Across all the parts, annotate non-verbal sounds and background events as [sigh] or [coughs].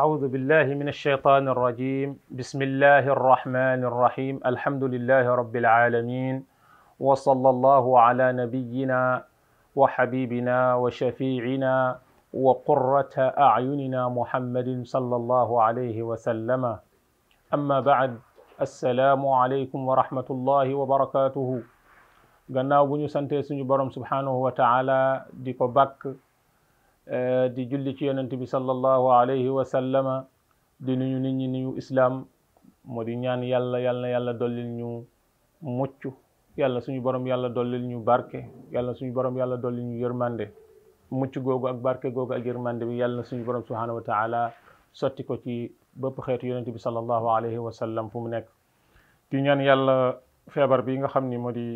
أعوذ بالله من الشيطان الرجيم بسم الله الرحمن الرحيم الحمد لله رب العالمين وصلى الله على نبينا وحبيبنا وشفيعنا وقرة أعيننا محمد صلى الله عليه وسلم أما بعد السلام عليكم ورحمة الله وبركاته gannaaw bu ñu santee suñu borom subhanahu Eh, di julli ci yonent bi sallallahu alayhi wa sallama di nuyu nit ñi nuyu islaam moo di ñaan yàlla yàlla yàlla dollil ñu mucc yàlla suñu borom yàlla dollil ñu barke yàlla suñu borom yàlla dollil ñu yërmande mucc googu ak barke googu ak yërmande bi yàlla suñu borom subhaanahu wa taala sotti ko ci bëpp xeetu yonent bi sallallahu alayhi wa sallam fu mu nekk di ñaan yàlla feebar bi nga xam ni moo di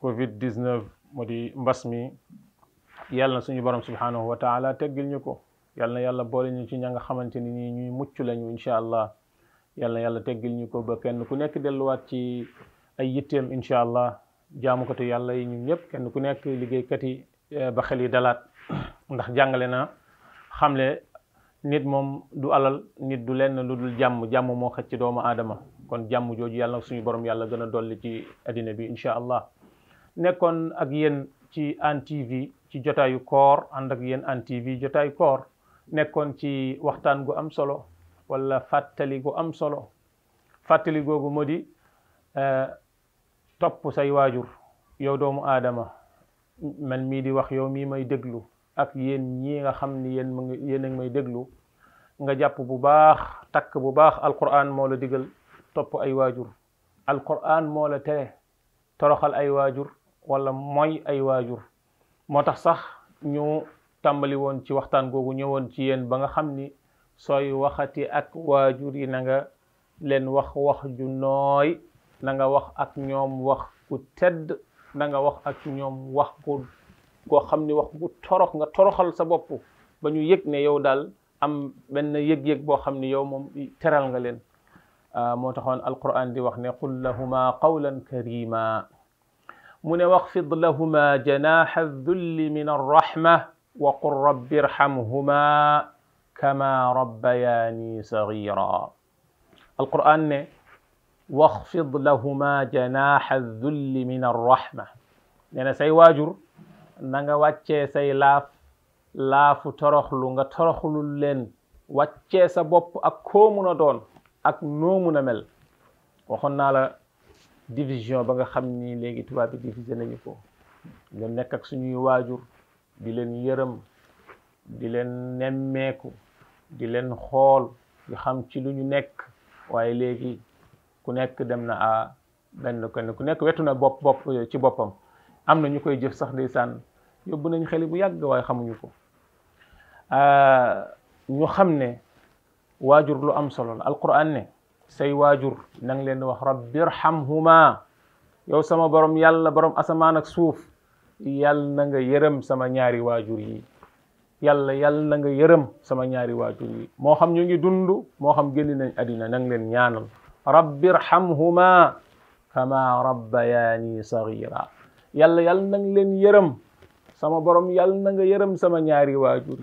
covid 19 moo di mbas mi yàlla na suñu borom subhanahu wa taala teggil ñu ko yàlla na yàlla boole ñu ci ña nga xamante ni nii ñuy mucc lañu incha allah yàlla yàlla teggil ñu ko ba kenn ku nekk delluwaat ci ay yitteem incha allah jaamukatu yàlla yi ñun ñëpp kenn ku nekk liggéeykat yi eh, ba xel yi dalaat ndax jàngale na xam xamle nit moom du alal nit du lenn lu dul jàmm jàmm moo xëcc doomu aadama kon jàmm jooju yàlla na suñu borom yàlla gën a dolli ci addina bi incha allah nekkoon ak yéen ci Hann TV ci jotaayu koor ànd ak yéen Hann TV jotaayu koor nekkoon ci waxtaan gu am solo wala fàttali gu am solo fàttali googu moo di e, topp say waajur yow doomu aadama man mii di wax yow mii may déglu ak yéen ñii nga xam ni yéen mu yéen may déglu nga jàpp bu baax takk bu baax alquran moo la digal topp ay waajur alquran moo la tere toroxal ay waajur wala mooy ay waajur moo tax sax ñu tàmbali woon ci waxtaan googu ñëwoon ci yéen ba nga xam ni sooy waxati ak waajur yi na leen wax wax ju nooy na nga wax ak ñoom wax ku tedd na nga wax ak ñoom wax ku koo xam ni wax ku torox nga toroxal sa bopp ba ñu yëg ne yow daal am benn yëg-yëg boo xam ni yow moom teral nga leen ah, moo taxoon alquran di wax ne qul lahuma qawlan karima mu ne waxfid lahuma janaxa dulli min arrahma wa qul rabbi irhamhuma kama rabbayaani sagira alquran ne waxfid lahuma janaxa dulli min arrahma nee na say waajur na nga wàccee say laaf laafu toroxlu nga toroxlul leen wàccee sa bopp ak koo mun a doon ak noo mun a mel waxoon naa la division ba nga xam ni léegi tubaab bi divisé nañu ko ñu nekk ak suñuy waajur di leen yërëm di leen nemmeeku di leen xool di xam ci lu ñu nekk waaye léegi ku nekk dem na a ah, benn kenn ku nekk wetu na bopp bopp ci boppam am na ñu koy jëf sax di ndeysaan yóbbu nañ xeli bu yàgg waaye xamuñu ko ah, ñu xam ne waajur lu am solo la alquran ne say waajur na nga leen wax rabbi irhamhuma yow sama borom yàlla borom asamaan ak suuf yàlla na nga yërëm sama ñaari waajur yi yàlla yàlla na nga yërëm sama ñaari waajur yi moo xam ñu ngi dund moo xam génn nañ àddina na leen ñaanal rabbi irhamhuma kama rabbayaani sagira yàlla yàlla na nga leen yërëm sama borom yàlla na nga yërëm sama ñaari waajur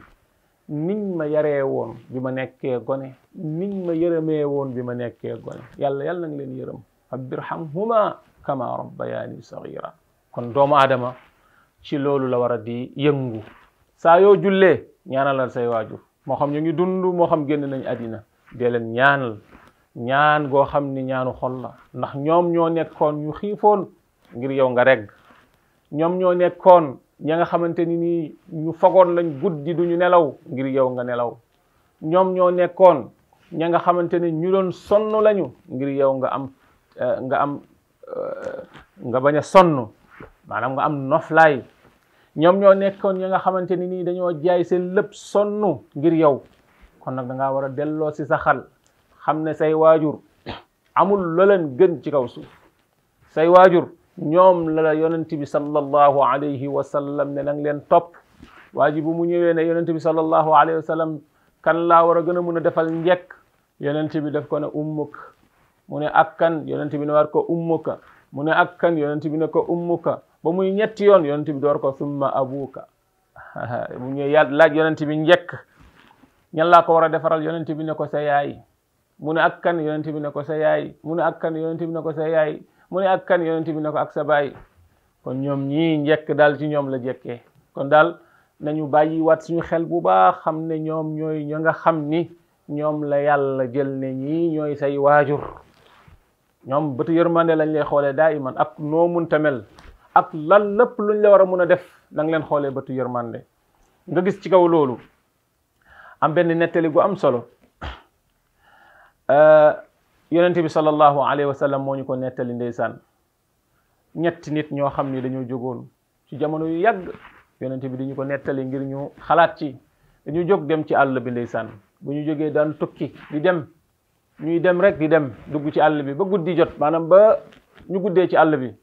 niñ ma yaree woon bi ma nekkee gone niñ ma yërëmee woon bi ma nekkee gone yàlla yàlla nanga leen yërëm rabbirhamhuma kama rabbayaani sagira kon doomu aadama ci loolu la war a di yëngu saa yoo jullee ñaanalal say waajur moo xam ñu ngi dund moo xam génn nañ àddina dee leen ñaanal ñaan goo xam ni ñaanu xol la ndax ñoom ñoo nekkoon ñu xiifoon ngir yow nga regg ñoom ñoo nekkoon ña nga xamante ni nii ñu fagoon lañ guddi duñu nelaw ngir yow nga nelaw ñoom ñoo nekkoon ña nga xamante ne ñu doon sonn lañu ngir yow nga am euh, nga am euh, nga bañ a sonn maanaam nga am noflaay ñoom ñoo nekkoon ña nga xamante ni nii dañoo jaay seen lépp sonn ngir yow kon nag da ngaa war a delloo si sa xal xam ne say waajur [coughs] amul lu leen gën ci kaw suuf say waajur ñoom la la yonent bi sallallahu alayhi wa sallam ne nang leen topp waa ji bu mu ñëwee ne yonent bi sallallahu alayhi wa sallam kan laa war a gën a mun a defal njekk yonent bi def ko ne ummuk mu ne ak kan yonent bi ne war ko ummuka mu ne ak kan yonent bi ne ko ummuka ba muy ñetti yoon yonent bi door ko summa abuka bu [laughs] ñëwee yaa laaj yonent bi njekk ñan laa ko war a defaral yonent bi ne ko sa yaay mu ne ak kan yonent bi ne ko sa yaay mu ne ak kan yonent bi ne ko sa yaay mu ne ak kan yonent bi ne ko ak sa baay kon ñoom ñii njekk daal ci ñoom la jekkee kon daal nañu bàyyi wat suñu xel bu baax xam ne ñoom ñooy ña nga xam ni ñoom la yàlla jël ne ñii ñooy say waajur ñoom bëtu yërmande lañ lay xoolee daayiman ak noo mun tamel ak lan lépp luñ la war a mun a def da nga leen xoolee bëtu yërmande nga gis ci kaw loolu am benn nettali gu am solo [clears throat] euh, yonente bi sallallahu alayhi wa sallam moo ñu ko nettali ndeysaan ñetti nit ñoo xam ni dañoo jógoon ci jamono yu yàgg yonente bi dañu ko nettali ngir ñu xalaat ci dañu jóg dem ci àll bi ndeysaan bu ñu jógee daan tukki di dem ñuy dem rek di dem dugg ci àll bi ba guddi jot maanaam ba ñu guddee ci àll bi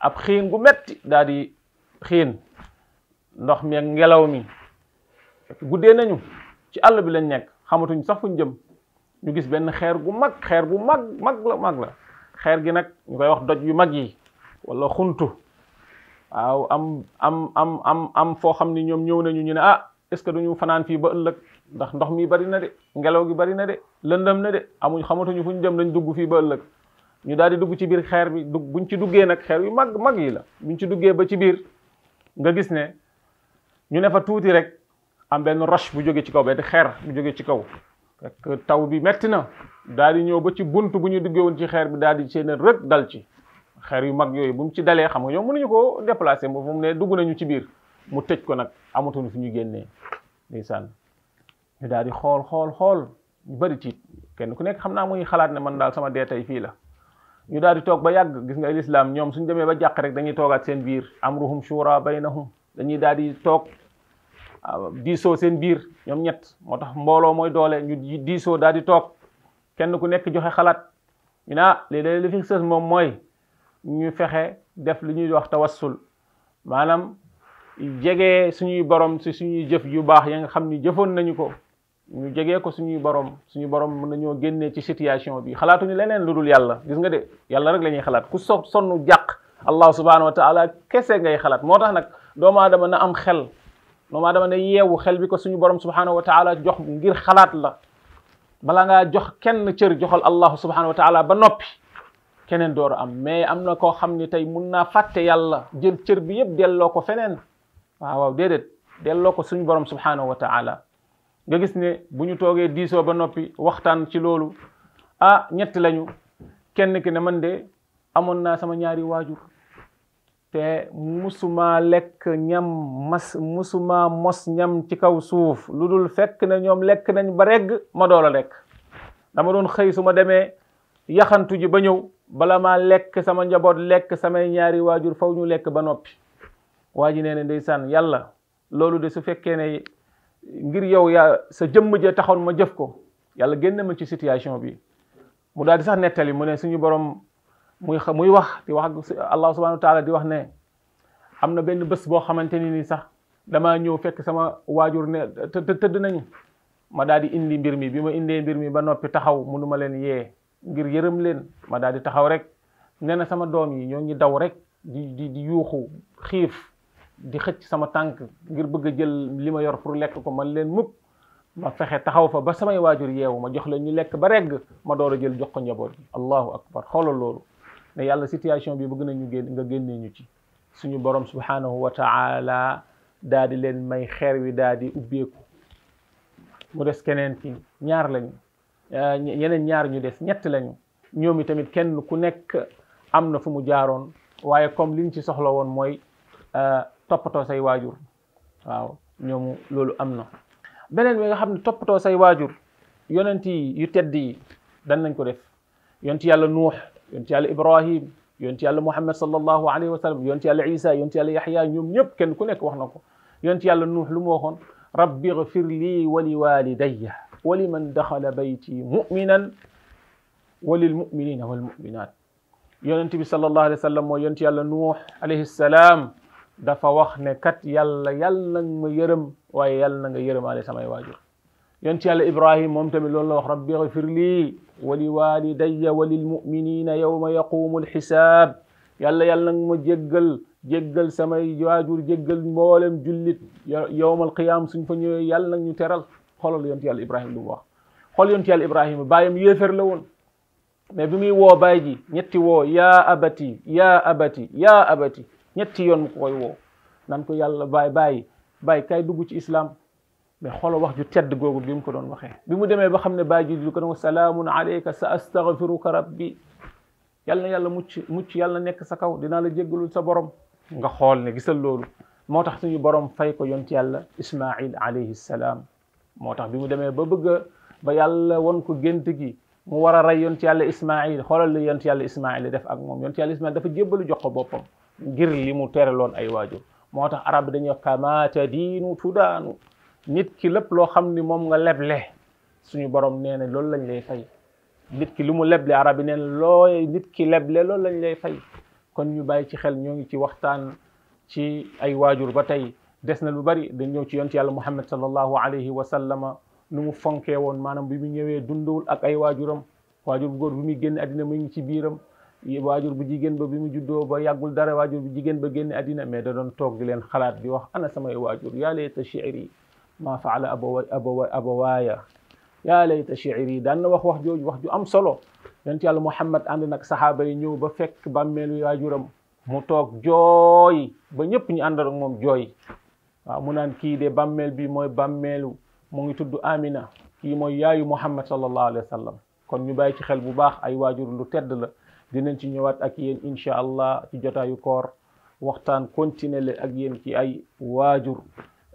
ab xiin gu metti daal di xiin ndox mi ngelaw mi guddee nañu ci àll bi lañ nekk xamatuñ sax fuñ jëm ñu gis benn xeer gu mag xeer bu mag mag la mag la xeer gi nag ñu koy wax doj yu mag yi wala xuntu waaw am am am am am foo xam ni ñoom ñëw nañu ñu ne ah est ce que duñu fanaan fii ba ëllëg ndax ndox mi bari na de ngelaw gi bari na de lëndëm na de amuñ xamatuñu fu ñu dem nañ dugg fii ba ëllëg ñu daal di dugg ci biir xeer bi dugg buñ ci duggee nag xeer yu mag mag yi la buñ ci duggee ba ci biir nga gis ne ñu ne fa tuuti rek am benn roche bu jóge ci kaw benn xeer bu jóge ci kaw fekk taw bi metti na daal di ñëw ba ci bunt bu ñu duggee woon ci xeer bi daal di seen rek dal ci xeer yu mag yooyu bu mu ci dalee xam nga ñoom mënuñu ko déplacé moom mu ne dugg nañu ci biir mu tëj ko nag amatuñu fu ñu génnee ndeysaan daal di xool xool xool ñu bari tiit kenn ku nekk xam naa muy xalaat ne man daal sama dee tey fii la ñu daal di toog ba yàgg gis nga lislaam ñoom suñ demee ba jàq rek dañuy toogaat seen biir am amruhum shura baynahum dañuy daal di toog Ah, diisoo seen biir ñoom ñett moo tax mbooloo mooy doole ñu diisoo daal di toog kenn ku nekk joxe xalaat ñu ne ah léeg moom mooy ñu fexe def li ñuy wax tawassul maanaam jege suñuy borom si suñuy jëf yu baax ya nga xam ni jëfoon nañu ko ñu jegee ko suñuy borom suñu borom mën nañoo génnee ci situation bi xalaatuñu leneen lu dul yàlla gis nga de yàlla rek la ñuy xalaat ku so sonn jàq allah subhanahu wa taala kese ngay xalaat moo tax nag doomu aadama na am xel doomu aadama ne yeewu xel bi ko suñu borom subhanahu wa taala jox ngir xalaat la bala ngaa jox kenn cër joxal allahu subhanahu wa taala ba noppi keneen door am mais am na koo xam ni tey mun naa fàtte yàlla jël cër bi yëpp delloo ko feneen waaw waaw déedéet delloo ko suñu borom subhanahu wa taala nga gis ne bu ñu toogee diisoo ba noppi waxtaan ci loolu ah ñett lañu kenn ki ne man de amoon naa sama ñaari waajur te musuma lekk ñam mas musuma mos ñam ci kaw suuf lu dul fekk na ñoom lekk nañ ba regg ma dool a lekk dama doon xëy su ma demee yaxantu ji ba ñëw bala maa lekk sama njaboot lekk samay ñaari waajur faw ñu lekk ba noppi waa ji nee na ndeysaan yàlla loolu de su fekkee ne ngir yow yaa sa jëmm ja taxoon ma jëf ko yàlla génne ma ci situation bi mu daal sax nettali mu ne suñu borom muy muy wax di wax ak allah di wax ne am na benn bés boo xamante ni nii sax damaa ñëw fekk sama waajur ne të tëdd nañu ma daal di indi mbir mi bi ma indee mbir mi ba noppi taxaw munu ma leen yee ngir yërëm leen ma daal di taxaw rek nee na sama doom yi ñoo ngi daw rek di di di yuuxu xiif di xëcc sama tànk ngir bëgg a jël li ma yor pour lekk ko man leen mukk ma fexe taxaw fa ba samay waajur yeewu ma jox leen ñu lekk ba regg ma door a jël jox ko njaboot bi allahu akbar xoolal loolu ne yàlla situation bi bëgg nañu génn nga génnee ñu ci suñu borom subhanahu wa taala daal di leen may xeer wi daal di ubbeeku mu des keneen ki ñaar lañu euh, ñeneen ñaar ñu des ñett lañu ñoom tamit kenn ku nekk am na fu mu jaaroon waaye comme liñ ci soxla woon mooy euh, toppatoo say waajur waaw ñoomu loolu am na beneen bi nga xam ne toppatoo say waajur yonent yi yu dan nañ ko def yonent yàlla nuux يونتي على ابراهيم يونتي على محمد صلى الله عليه وسلم يونتي على عيسى يونتي على يحيى نيوم نيب كين كو نيك واخناكو يونت نوح لومو وخون ربي اغفر لي ولوالدي ولمن دخل بيتي مؤمنا وللمؤمنين والمؤمنات يونتي بي صلى الله عليه وسلم يونت على نوح عليه السلام دا فا واخني كات يالا يالا ما يرم واي يالا نغا يرم علي سماي واجو yonent yàlla ibrahim moom tamit loolu la wax rabbi xfir lii wali walidayya walilmuminina yowma yaqumu alxisaab yàlla yàlla nag ma jéggal jéggal samay waajur jéggal mboolem jullit yowmal qiyaam suñ fa ñëwee yàlla nag ñu teral xoolal yonent yàlla ibrahima lu mu wax xool yonent yàlla ibrahima baayam yéefér la woon mais bi muy woo baay ji ñetti woo ya abati ya abati yaa abati ñetti yoon mu koy woo nan ko yàlla baay baay baay kay dugg ci islam mais xolo wax ju tedd googu bi mu ko doon waxee bi mu demee ba xam ne baay ji du ko ne salaamun alayka sa astaghfiruka rabbi yal na yàlla mucc mucc yàlla nekk sa kaw dinaa la jéggalul sa borom nga xool ne gisal loolu moo tax suñu borom fay ko yont yàlla ismail alayhi salaam moo tax bi mu demee ba bëgg ba yàlla won ko gént gi mu war a rey yont yàlla ismail xoolal la yont yàlla ismail def ak moom yont yàlla ismail dafa jébbalu jox ko boppam ngir li mu teraloon ay waajur moo tax arab dañuy kamaata diinu tudaanu nit ki lépp loo xam ni moom nga leble suñu borom nee na loolu lañ lay fay nit ki lu mu leble arab yi nee looy nit ki leble loolu lañ lay fay kon ñu bàyyi ci xel ñoo ngi ci waxtaan ci ay waajur ba tey des na lu bari dañ ñëw ci yoon yonent yàlla muhammad sallallahu alayhi wa sallama nu mu fonkee woon maanaam bi mu ñëwee dundawul ak ay waajuram waajur góor bi muy génn àddina mu ngi ci biiram waajur bu jigéen ba bu mu juddoo ba yàggul dara waajur bu jigéen ba génn àddina mais da doon toog di leen xalaat di wax ana samay waajur yaa layta shi'ri maa faala abawa abawa abawaaya yaa layta shi'ri daan na wax wax jooju wax ju am solo ci yàlla Muhammad ànd nag saxaaba yi ñëw ba fekk bàmmeelu waajuram mu toog jooy ba ñëpp ñu àndal ak moom jooy mu naan kii de bàmmeel bi mooy bàmmeelu mu ngi tudd Amina kii mooy yaayu Muhammad sallallahu alayhi wa sallam kon ñu bàyyi ci xel bu baax ay waajur lu tedd la dinañ ci ñëwaat ak yéen incha allah ci jotaayu koor waxtaan continuer leen ak yéen ci ay waajur